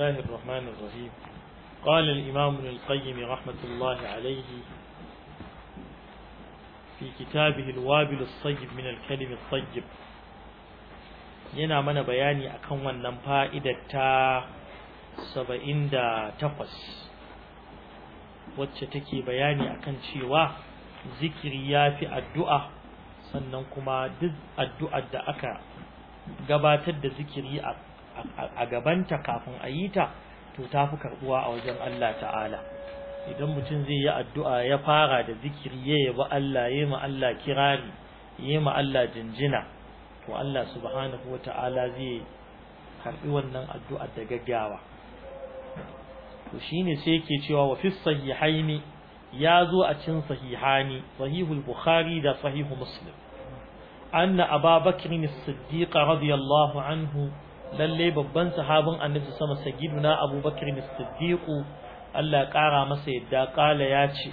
الله الرحمن الرحيم قال الإمام ابن القيم رحمة الله عليه في كتابه الوابل الصيب من الكلم الطيب yana mana bayani akan wannan fa'idar ta takwas, wacce take bayani akan cewa zikiri fi addu'a sannan kuma duk addu'ar da aka gabatar da zikiri a a gabanta kafin a yi ta to ta fi karbuwa a wajen Allah ta'ala idan mutum zai yi addu'a ya fara da zikiri ya yaba Allah ya ma Allah kirari ya ma Allah jinjina to Allah subhanahu wa ta'ala zai karbi wannan addu'a da gaggawa to shine sai yake cewa wa fi sahihaini ya zo a cin sahihani sahihul bukhari da sahihu muslim anna abubakar ne siddiqa radiyallahu anhu lalle babban sahabin annabi sama sagiduna abubakar as-siddiq Allah ƙara masa yadda ƙala ya ce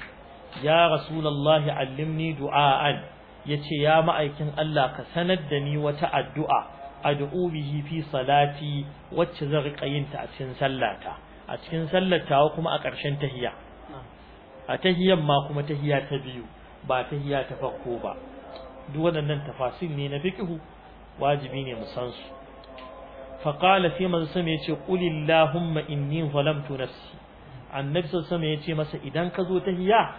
ya rasulullahi allimni du'a'an yace ya ma'aikin Allah ka sanar da ni wata addu'a addu'u bihi fi salati wacce zan riƙa yin ta a cikin sallata a cikin sallatawa kuma a ƙarshen tahiyya a tahiyyan ma kuma tahiyya ta biyu ba tahiyya ta farko ba duk waɗannan tafasil ne na fiqhu wajibi ne mu san su faƙala sai masu sama ya ce ƙulillahumma inni zalamtu nafsi annabi sama ya ce masa idan ka zo tahiya,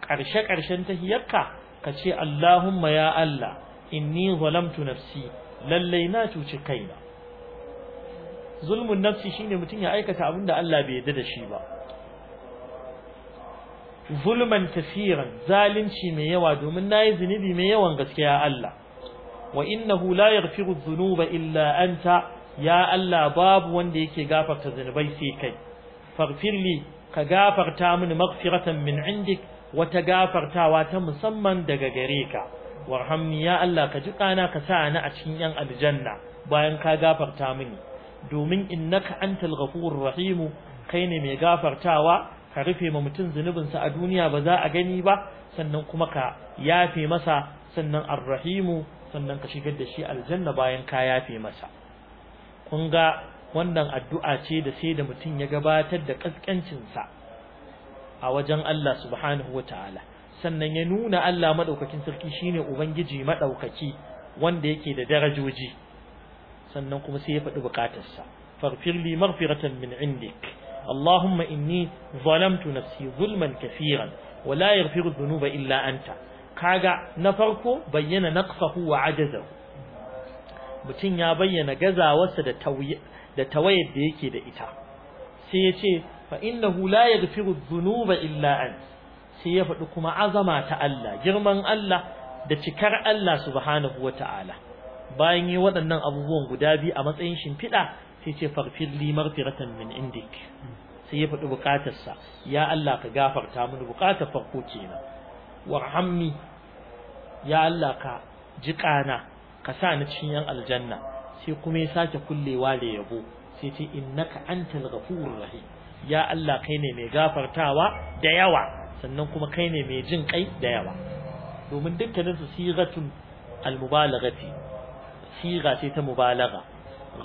ƙarshe ƙarshen tahiyarka, ka ce Allahumma ya Allah inni zalamtu nafsi lallai na cuci kaina zulmun nafsi shine mutum ya aikata abin da Allah bai yarda da shi ba zulman tafiran zalunci mai yawa domin nayi zunubi mai yawan gaskiya Allah wa innahu la yaghfiru dhunuba illa anta ya Allah babu wanda yake gafarta zunubai sai kai faghfirli ka gafarta mini maghfiratan min indik wata gafartawa ta musamman daga gare ka warhamni ya Allah ka ji kana ka sa ni a cikin yan aljanna bayan ka gafarta mini domin innaka antal ghafurur rahim kai ne mai gafartawa ka rufe ma mutum zunubinsa a duniya ba za a gani ba sannan kuma ka yafe masa sannan arrahimu sannan ka shigar da shi aljanna bayan ka yafe masa kun ga wannan addu'a ce da sai da mutum ya gabatar da kaskancinsa a wajen Allah subhanahu wataala sannan ya nuna Allah madaukakin sarki shine ubangiji madaukaki wanda yake da darajoji sannan kuma sai ya faɗi bukatarsa farfir li maghfiratan min indik Allahumma inni zalamtu nafsi zulman kaseeran wa la yaghfiru dhunuba illa anta kaga na farko bayyana naqsahu wa ajazahu mutum ya bayyana gazawarsa da tawayar da tawayar da yake da ita sai ya ce fa innahu la yaghfiru dhunuba illa an sai ya faɗi kuma azama ta Allah girman Allah da cikar Allah subhanahu wata'ala bayan yi waɗannan abubuwan guda biyu a matsayin shimfiɗa sai ce farfir li marfiratan min indik sai ya faɗi buƙatarsa ya Allah ka gafarta mini buƙatar farko kenan warhamni ya Allah ka jiƙana ka sa ni cikin yan aljanna sai kuma ya sake kullewa da yabo sai ce innaka antal ghafurur rahim ya Allah kai ne mai gafartawa da yawa sannan kuma kai ne mai jin kai da yawa domin dukkanin su sigatun almubalaghati siga sai ta mubalagha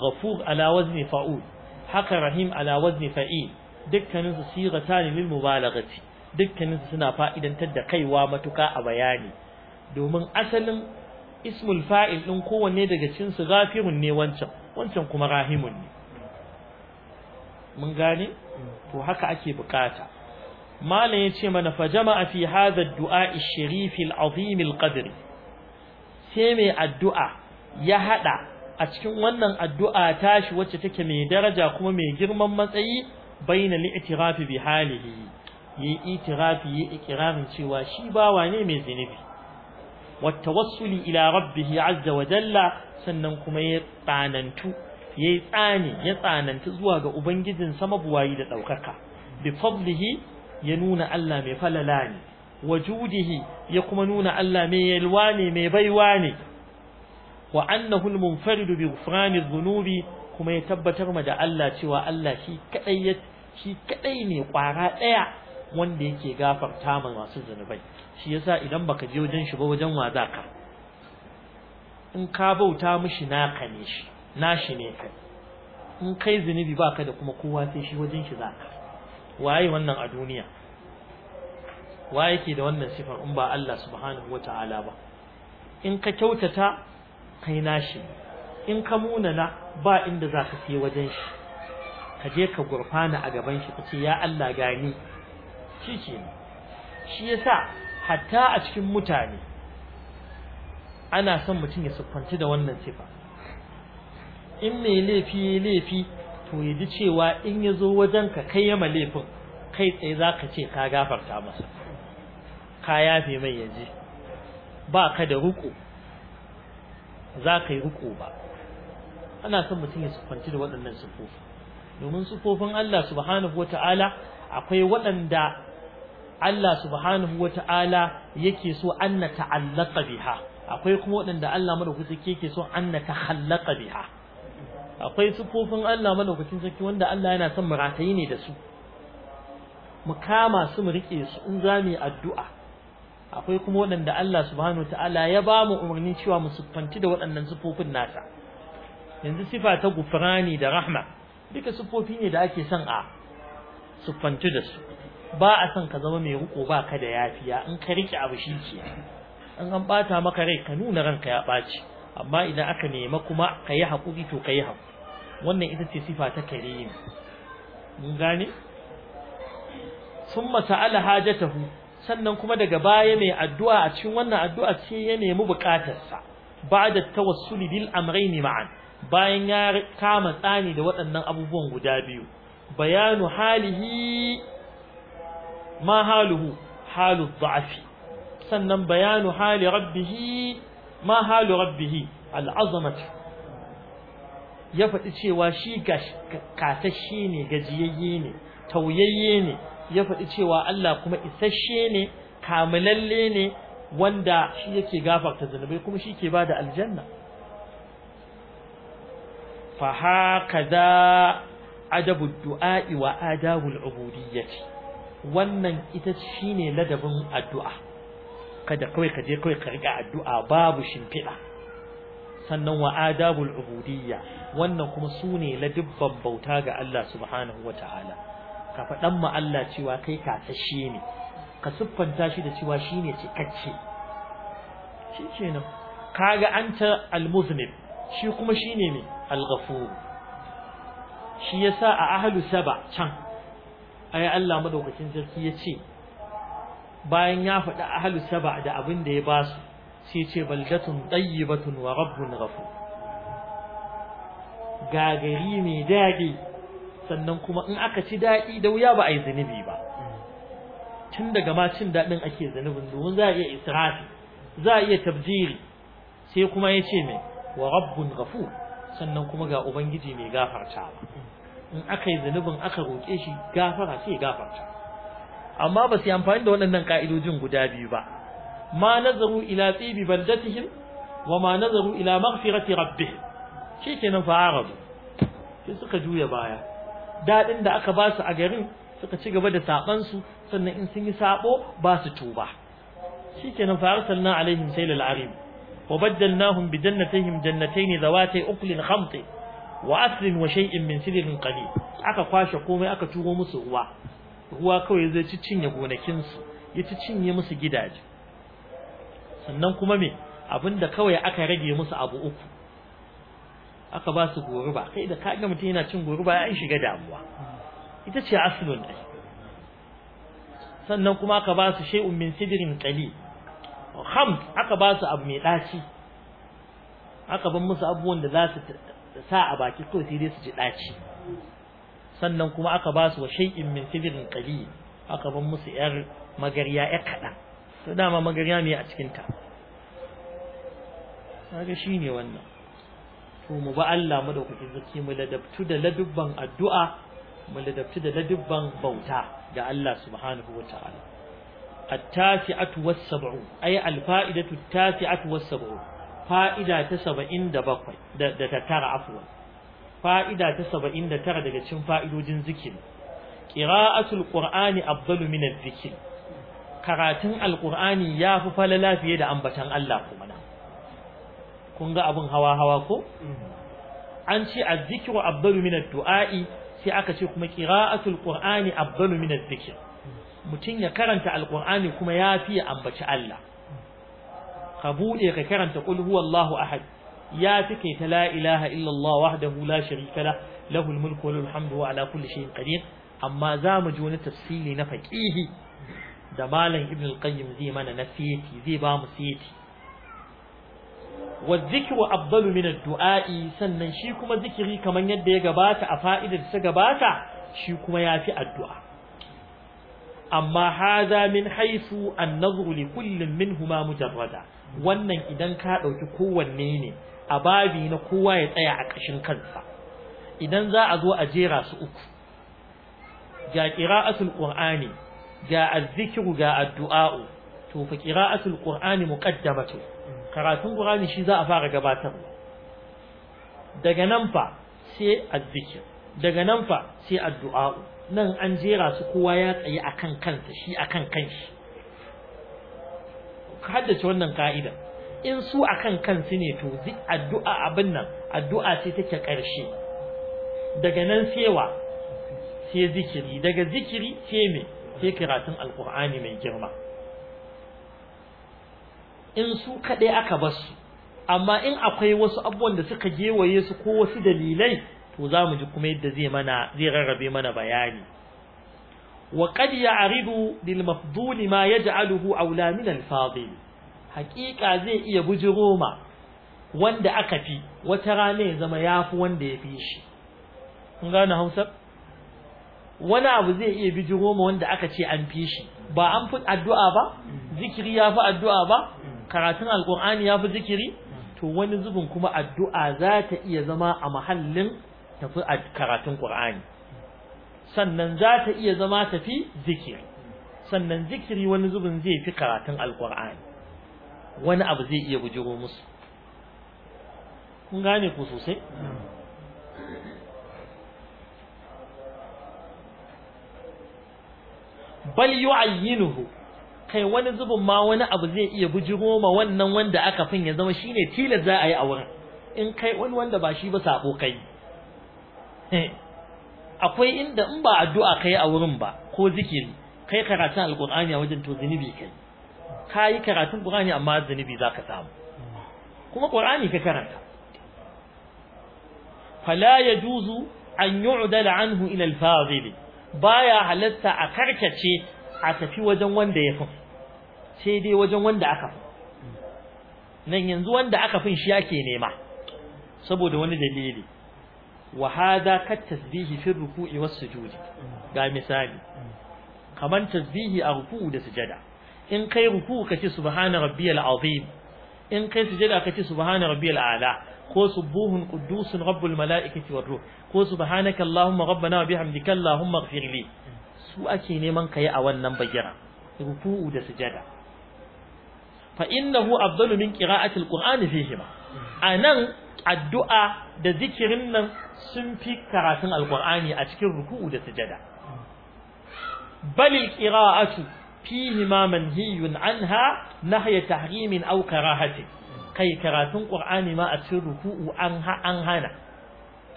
ghafur ala wazni fa'ul haka rahim ala wazni fa'il dukkanin su sigatan lil mubalaghati dukkanin su suna fa'idantar da kaiwa matuka a bayani domin asalin ismul fa'il din kowanne daga cikin su ghafirun ne wancan wancan kuma rahimun ne mun gane to haka ake bukata malam yace mana fa jama'a fi hadha ad-du'a ash-sharif al-azim al-qadr sai mai addu'a ya hada a cikin wannan addu'a tashi wacce take mai daraja kuma mai girman matsayi baina li'tirafi bi halihi yi itirafi yi ikirarin cewa shi bawa ne mai zinubi والتوصل إلى ربه عز وجل سننكم يطعننتو يطعني يطعننت زواج أبنجد سمب وايد الأوقاق بفضله ينون ألا مفللاني وجوده يقمنون ألا ميلواني ميبيواني وأنه المنفرد بغفران الذنوب كما يتبتر مدى ألا سوى ألا شي كأيت شي كأيني وعراء wanda yake gafarta ma masu zunubai shi yasa idan baka je wajen shi ba wajen wa zaka in ka bauta mishi naka ne shi nashi ne kai in kai zunubi baka da kuma kowa sai shi wajen shi zaka waye wannan a duniya waye yake da wannan sifar in ba Allah subhanahu wata'ala ba in ka kyautata kai nashi in ka munana ba inda zaka sai wajen shi ka je ka gurfana a gaban shi kace ya Allah gani shi ke shi yasa hatta a cikin mutane ana son mutum ya sukwanci da wannan sifa in mai laifi ya laifi to ya ji cewa in ya zo wajen ka kai yama laifin kai tsaye za ka ce ka gafarta masa ka yafe mai yaje, ba ka da ruko za ka yi ruko ba ana son mutum ya sukwanci da waɗannan siffofi domin sufofin Allah subhanahu Ta'ala akwai waɗanda Allah subhanahu wa ta'ala yake so anna ta'allaka biha akwai kuma waɗanda Allah madaukakin sarki yake so anna ta biha akwai sufofin Allah madaukakin sarki wanda Allah yana son muratayi ne da su mu kama su mu rike su in za mu yi addu'a akwai kuma waɗanda Allah subhanahu wa ta'ala ya ba mu umarni cewa mu sufanti da waɗannan sufofin nasa yanzu sifa ta gufrani da rahma duka sufofi ne da ake son a sufanti da su ba a son ka zama mai riko ba ka da yafiya in ka rike abu shi ke in an bata maka rai ka nuna ranka ya baci amma idan aka nema kuma ka yi hakuri to ka yi wannan ita ce sifa ta karim mun gane summa sa'ala hajatahu sannan kuma daga baya mai addu'a a cikin wannan addu'a ce ya nemi bukatarsa ba'da tawassuli bil amrayn ma'an bayan ya kama tsani da waɗannan abubuwan guda biyu bayanu halihi ma haluhu halu dha'fi sannan bayanu hali rabbih ma halu rabbih al'azamatu ya faɗi cewa shi kasashe ne gajiyayye ne tauyayye ne ya faɗi cewa Allah kuma isasshe ne kamalalle ne wanda shi yake gafarta zunubai kuma shi ke ba da aljanna fa haka za adabu du'a'i wa adabul ubudiyyati wannan ita shine ladabin addu'a kada kawai ka je kawai ka addu'a babu shimfiɗa sannan wa adabul ubudiyya wannan kuma sune ladibban bauta ga Allah subhanahu ka faɗan ma Allah cewa kai ka tashe ne ka siffanta shi da cewa ne cikakke shi kenan kaga anta almuznib shi kuma shi ne al-ghafur shi sa a ahlu saba can ai Allah madaukakin sarki yace bayan ya faɗi ahalu saba da abin da ya ba su sai ce baldatun tayyibatun wa rabbun ghafur gagari mai daɗi sannan kuma in aka ci daɗi da wuya ba a yi ba tun daga ma cin daɗin ake zanubin domin za a iya israfi za a iya tabjiri sai kuma yace ce mai wa rabbun ghafur sannan kuma ga ubangiji mai gafartawa in aka yi zunubin aka roƙe shi gafara sai gafarta amma ba su yi amfani da waɗannan ƙa'idojin guda biyu ba ma nazaru ila tsibi baldatihim wa ma nazaru ila maghfirati rabbihim shikenan fa arabu sai suka juya baya dadin da aka ba su a garin suka ci gaba da saban su sannan in sun yi sabo ba su tuba shikenan fa arsalna alaihim sayl al-arim wa baddalnahum bi jannatihim jannatayn zawatay uklin khamtin wa aslin wa shay'in min sidrin qalil aka kwashe komai aka turo musu ruwa ruwa kawai zai ci cinye gonakin su ya ci cinye musu gidaje sannan kuma me abinda kawai aka rage musu abu uku aka ba su goruba kai da kaga mutum yana cin goruba ya shiga damuwa ita ce aslun dai sannan kuma aka ba su shay'un min sidrin qalil kham aka ba su abu mai daci aka ban musu abubuwan da za su sa a baki ko sai dai su ji daci sannan kuma aka ba su wa shay'in min sidrin qali aka ban musu yar magariya ya kaɗan to dama magariya me a cikin ta kaga shine wannan to mu ba Allah mu da kuke zaki mu ladabtu da ladubban addu'a mu ladabtu da ladubban bauta ga Allah subhanahu wataala التاسعة والسبعون أي الفائدة التاسعة والسبعون fa'ida ta 77 da ta tara afwan fa'ida ta 79 daga cikin fa'idojin zikiri qira'atul qur'ani afdalu min adh-dhikr karatun alqur'ani yafi falala fiye da ambatan Allah kuma na kun ga abin hawa hawa ko an ce adh-dhikru afdalu min ad-du'a'i sai aka ce kuma qira'atul qur'ani afdalu min adh-dhikr mutun ya karanta alqur'ani kuma yafi ambaci Allah ka buɗe ka karanta qul huwallahu ahad ya fi ta la ilaha illallah wahdahu la sharika la lahul mulku wa lahul hamdu wa ala kulli shay'in qadir amma za mu ji wani tafsiri na faqihi da malam ibn al-qayyim zai mana na siyeti zai ba mu siyeti والذكر أفضل من الدعاء sannan shi kuma zikiri kamar yadda ya gabata a fa'idar ta gabata shi kuma yafi addu'a amma hadha min haythu an-nadhru li kullin minhuma mujarrada wannan idan ka ɗauki kowanne ne a babi na kowa ya tsaya a ƙashin kansa idan za a zo a jera su uku ga qira'atul qur'ani ga azzikru ga addu'a'u to fa qira'atul qur'ani muqaddamatu karatun qur'ani shi za a fara gabatar daga nan fa sai azzikr daga nan fa sai addu'a'u nan an jera su kowa ya tsaye akan kansa shi akan kanshi haddace wannan ka'ida in su akan kansu ne to addu'a abin nan addu'a sai take karshe daga nan sewa sai zikiri daga zikiri sai me sai karatun alkur'ani mai girma in su kaɗai aka basu amma in akwai wasu abubuwan da suka gewaye su ko wasu dalilai to za mu ji kuma yadda zai mana zai rarrabe mana bayani وقد يعرض للمفضول ما يجعله أولى من الفاضل حقيقة زي rana ya zama أكفي وتراني زما يافو واند يفيش gane Hausa wani abu zai iya bijiro ma wanda aka ce an fi shi ba an fi addu'a ba zikiri ya fi addu'a ba karatun Alƙur'ani ya fi zikiri to wani zubin kuma addu'a za ta iya zama a mahallin tafi karatun qur'ani sannan za ta iya zama tafi zikiri sannan zikiri wani zubin zai fi karatun alkur'ani wani abu zai iya bujiro musu kun gane ku sosai bal yu'ayyinuhu kai wani zubin ma wani abu zai iya bujiro ma wannan wanda aka fin ya zama shine tilas za a yi a wurin in kai wani wanda ba shi ba sabo kai akwai inda in ba addu'a kai a wurin ba ko zikiri kai karatun alqur'ani a wajen to zunubi kai kai karatun qur'ani amma zunubi zaka samu kuma qur'ani ka karanta fala yajuzu an yu'dal anhu ila al-fadil baya halatta a karkace a tafi wajen wanda ya fi sai dai wajen wanda aka fi nan yanzu wanda aka fin shi yake nema saboda wani dalili wa hada kat tasbihi fi ruku'i was ga misali kaman tasbihi a ruku'u da sujada in kai ruku'u kace subhana rabbiyal azim in kai sujada kace subhana rabbiyal ala ko subuhun quddusun rabbul malaikati war ruh ko subhanaka allahumma rabbana wa bihamdika allahumma ighfirli su ake neman kai a wannan bayyana ruku'u da sujada fa innahu afdalu min qira'ati alqur'ani fihima anan addu'a da zikirin nan sun fi karatun alkur'ani a cikin ruku'u da sujada balil qira'atu fihi ma manhiyun anha nahya tahrimin aw karahati kai karatun qur'ani ma a cikin ruku'u an ha an hana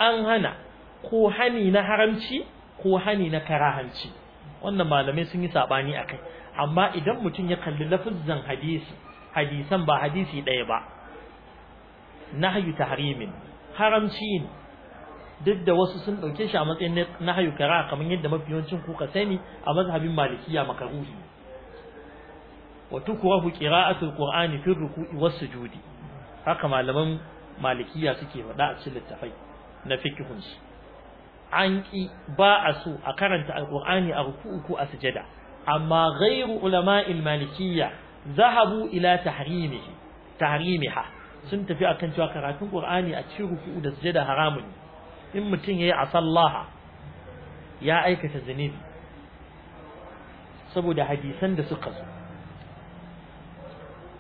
an hana ko hani na haramci ko hani na karahanci wannan malamai sun yi sabani akai amma idan mutum ya kalli lafuzzan hadisi hadisan ba hadisi ɗaya ba nahyu tahrimin haramci ne duk da wasu sun ɗauke shi a matsayin na hayu kara kamar yadda mafi yawancin kuka sani a mazhabin malikiya makaruhi wa tukrahu qira'atul qur'ani fi ruku'i was sujudi haka malaman malikiya suke faɗa a cikin littafai na fiqhun an ki ba a so a karanta alqur'ani a ruku'u ko a sujada amma ghairu ulama'il malikiyya zahabu ila tahrimihi tahrimiha sun tafi akan cewa karatun qur'ani a cikin ruku'u da sujada haramun ne in mutum yayi asallaha ya aikata zunubi saboda hadisan da suka zo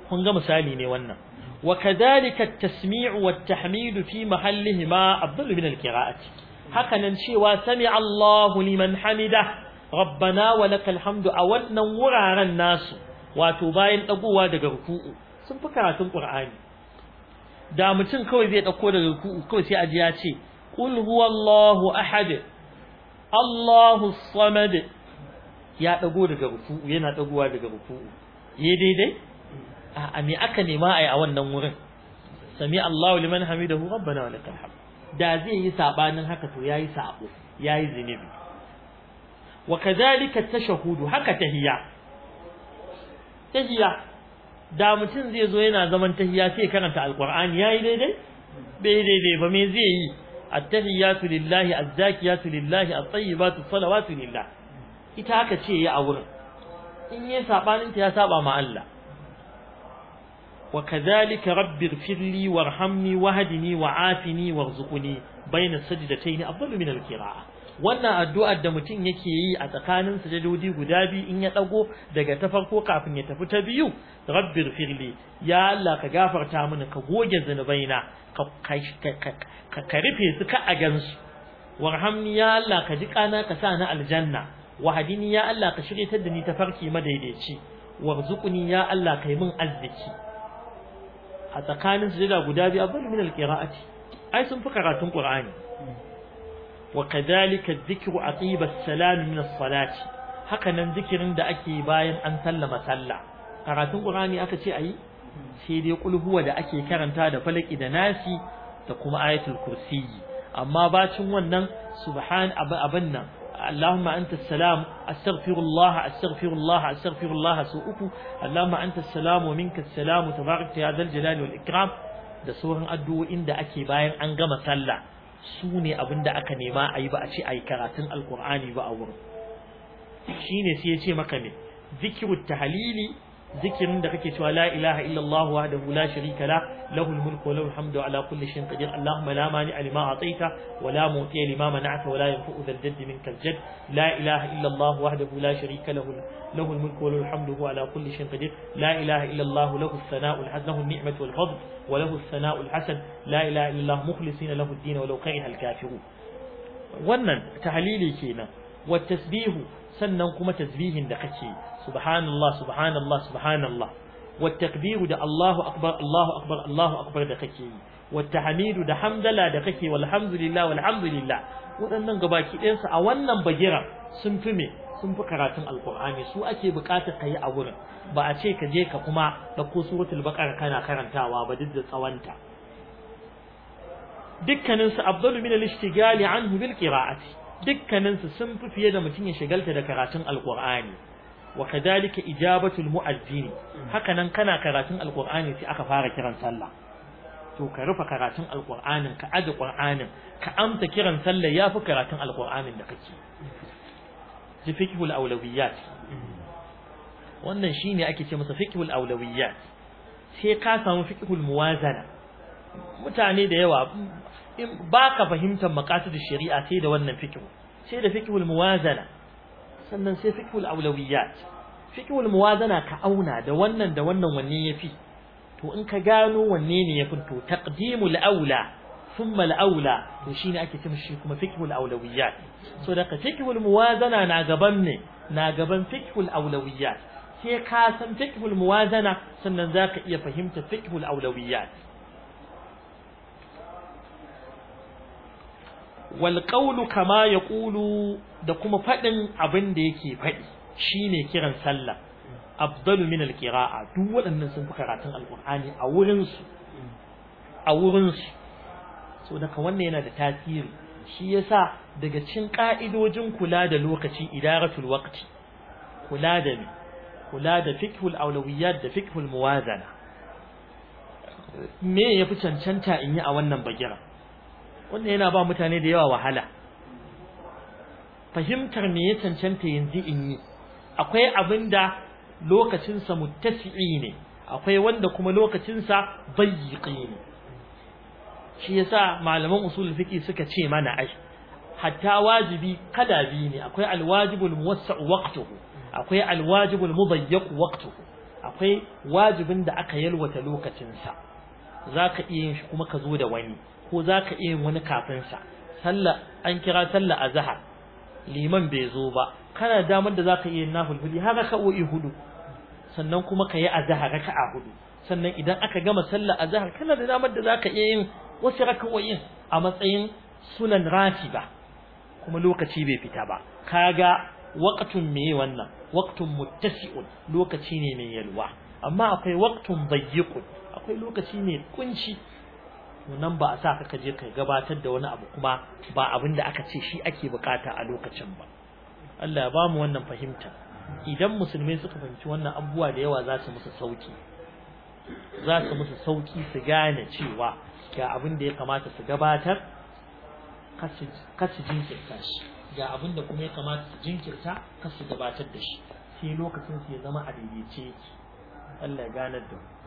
kun ga misali ne wannan wa kadhalika at-tasmi'u wat tahmidu fi mahallihima afdal min al-qira'ati haka nan cewa sami Allahu liman hamida rabbana wa lakal hamdu a wannan wuraren nasu wato bayan dagowa daga ruku'u sun fi karatun qur'ani da mutum kawai zai dauko daga ruku'u kawai sai aji ya ce قل هو الله أحد الله الصمد Ya دغو daga ruku yana dagowa daga ruku yi daidai a me aka nema ai a wannan wurin sami Allahu liman hamidahu rabbana walakal hamd da zai yi sabanin haka to yayi sabo yayi zinubi wa kadhalika tashahudu haka tahiyya tahiyya da mutum zai zo yana zaman tahiyya sai karanta alqur'ani yayi daidai bai daidai ba me zai yi التهيات لله الزاكيات لله الطيبات الصلوات لله ita aka ce ya aure in yi sabaninta ya saɓa ma Allah wa kadhalika rabbir firli warhamni wahdini wa'afini warzuqni baina sajdataini afdalu min alqira'ah wannan addu'ar da mutum yake yi a tsakanin sujadodi guda biyu in ya dago daga ta farko kafin ya tafi ta biyu rabbir firli ya Allah ka gafarta mini ka goge zunubaina ka ka ka rufe su ka a gansu warhamni ya Allah ka ji kana ka sa na aljanna wahdini ya Allah ka shirye da ni ta farki madaidaici warzuqni ya Allah kai min arziki a tsakanin sujada guda biyu abul min alqira'ati ai sun fi karatun qur'ani wa kadhalika dhikru aqiba as-salam min as-salati haka nan zikirin da ake bayan an sallama sallah karatun qur'ani aka ce a yi? sai dai kul huwa da ake karanta da falaki da nasi da kuma ayatul kursi amma bacin wannan subhan abin nan اللهم أنت السلام أستغفر الله أستغفر الله أستغفر الله سوءكم اللهم أنت السلام ومنك السلام تبارك يا ذا الجلال والإكرام da sauran addu'o'in da ake bayan an gama sallah su ne abin da aka nema a yi ba a ce a yi karatun alkur'ani ba a wurin shi ne sai ya ce maka ne zikiru tahalili zikirin da kake cewa la ilaha illallah wahdahu la sharika la lahul mulku wa lahul hamdu ala kulli shay'in qadir allahumma la mani lima ataita wa la mu'tiya lima mana'ta wa la yanfu'u dhal jadd minkal jadd la ilaha illallah wahdahu la sharika lahu lahul mulku wa lahul hamdu wa ala kulli shay'in qadir la ilaha illallah lahu as-sana'u al-hasan ni'matu wal fadl wa lahu as-sana'u al-hasan la ilaha illallah mukhlisina lahu ad-din wa law kariha al-kafirun wannan tahlili kenan wa tasbihu sannan kuma tasbihin da kake subhanallah subhanallah subhanallah والتكبير ده da أكبر الله أكبر الله أكبر ده كيكي والتحميد ده حمد waɗannan gabaki ɗinsu a wannan bagira sun fi me sun fi karatun alkur'ani su ake buƙatar kayi a wurin ba a ce ka je ka kuma dauko suratul baqara kana karantawa ba duk da tsawanta dukkanin su afdalu min al anhu bil qira'ati dukkanin su sun fi fiye da mutum ya shigalta da karatun alkur'ani wa kadhalika ijabatul mu'azzin haka nan kana karatun alqur'ani sai aka fara kiran sallah to ka rufe karatun alqur'anin ka aje qur'anin ka amsa kiran sallah yafi karatun alqur'anin da kake ji fiqhul awlawiyat wannan shine ake ce masa fiqhul awlawiyat sai ka samu fiqhul muwazana mutane da yawa ba ka fahimtar maqasid shari'a sai da wannan fiqh sai da fiqhul muwazana sannan sai fiqhul awlawiyat fiqhul muwazana ka auna da wannan da wannan wanne yafi to in ka gano wanne ne yafi to taqdimul aula thumma al aula to shine ake cewa shi kuma fiqhul awlawiyat so da fiqhul muwazana na gaban ne na gaban fiqhul awlawiyat sai ka san fiqhul muwazana sannan zaka iya fahimta fiqhul awlawiyat wal kama kama ƙulu da kuma faɗin abin da yake faɗi shine kiran sallah afdalu min al duk waɗannan sun fi karatun alqur'ani a wurin a wurinsu. so daga wannan yana da tasiri shi yasa daga cin ƙa'idojin kula da lokaci idaratul waqti kula da kula da fikhul awlawiyat da fikhul muwazana me yafi cancanta in yi a wannan bagira wanda yana ba mutane da yawa wahala fahimtar me ya cancanta yanzu in yi akwai abin da lokacinsa muttasi'i ne akwai wanda kuma lokacinsa bayyiki ne shi yasa malaman usul fiqi suka ce mana ai hatta wajibi kada bi ne akwai alwajibul muwassa'u waqtuhu akwai alwajibul mubayyiq waqtuhu akwai wajibin da aka yalwata lokacinsa zaka iya yin shi kuma ka zo da wani ko za ka iya wani kafinsa sallah an kira sallah a zahar liman bai zo ba kana damar da za ka iya na hulhuli har raka hudu sannan kuma ka yi a zahar raka a hudu sannan idan aka gama sallah a zahar kana da damar da za ka iya yin wasu raka'o'in a matsayin sunan rafi ba. kuma lokaci bai fita ba ga waqtun me wannan waqtun muttasi'un lokaci ne mai yalwa amma akwai waqtun dayyiqun akwai lokaci ne kunci to nan ba a sa ka je ka gabatar da wani abu kuma ba abin da aka ce shi ake bukata a lokacin ba Allah ya ba mu wannan fahimta idan musulmi suka fahimci wannan abubuwa da yawa za su musu sauki za su musu sauki su gane cewa ga abin da ya kamata su gabatar su jinkirta shi ga abin da kuma ya kamata su jinkirta su gabatar da shi sai lokacin su ya zama a daidaice Allah ya ganar da mu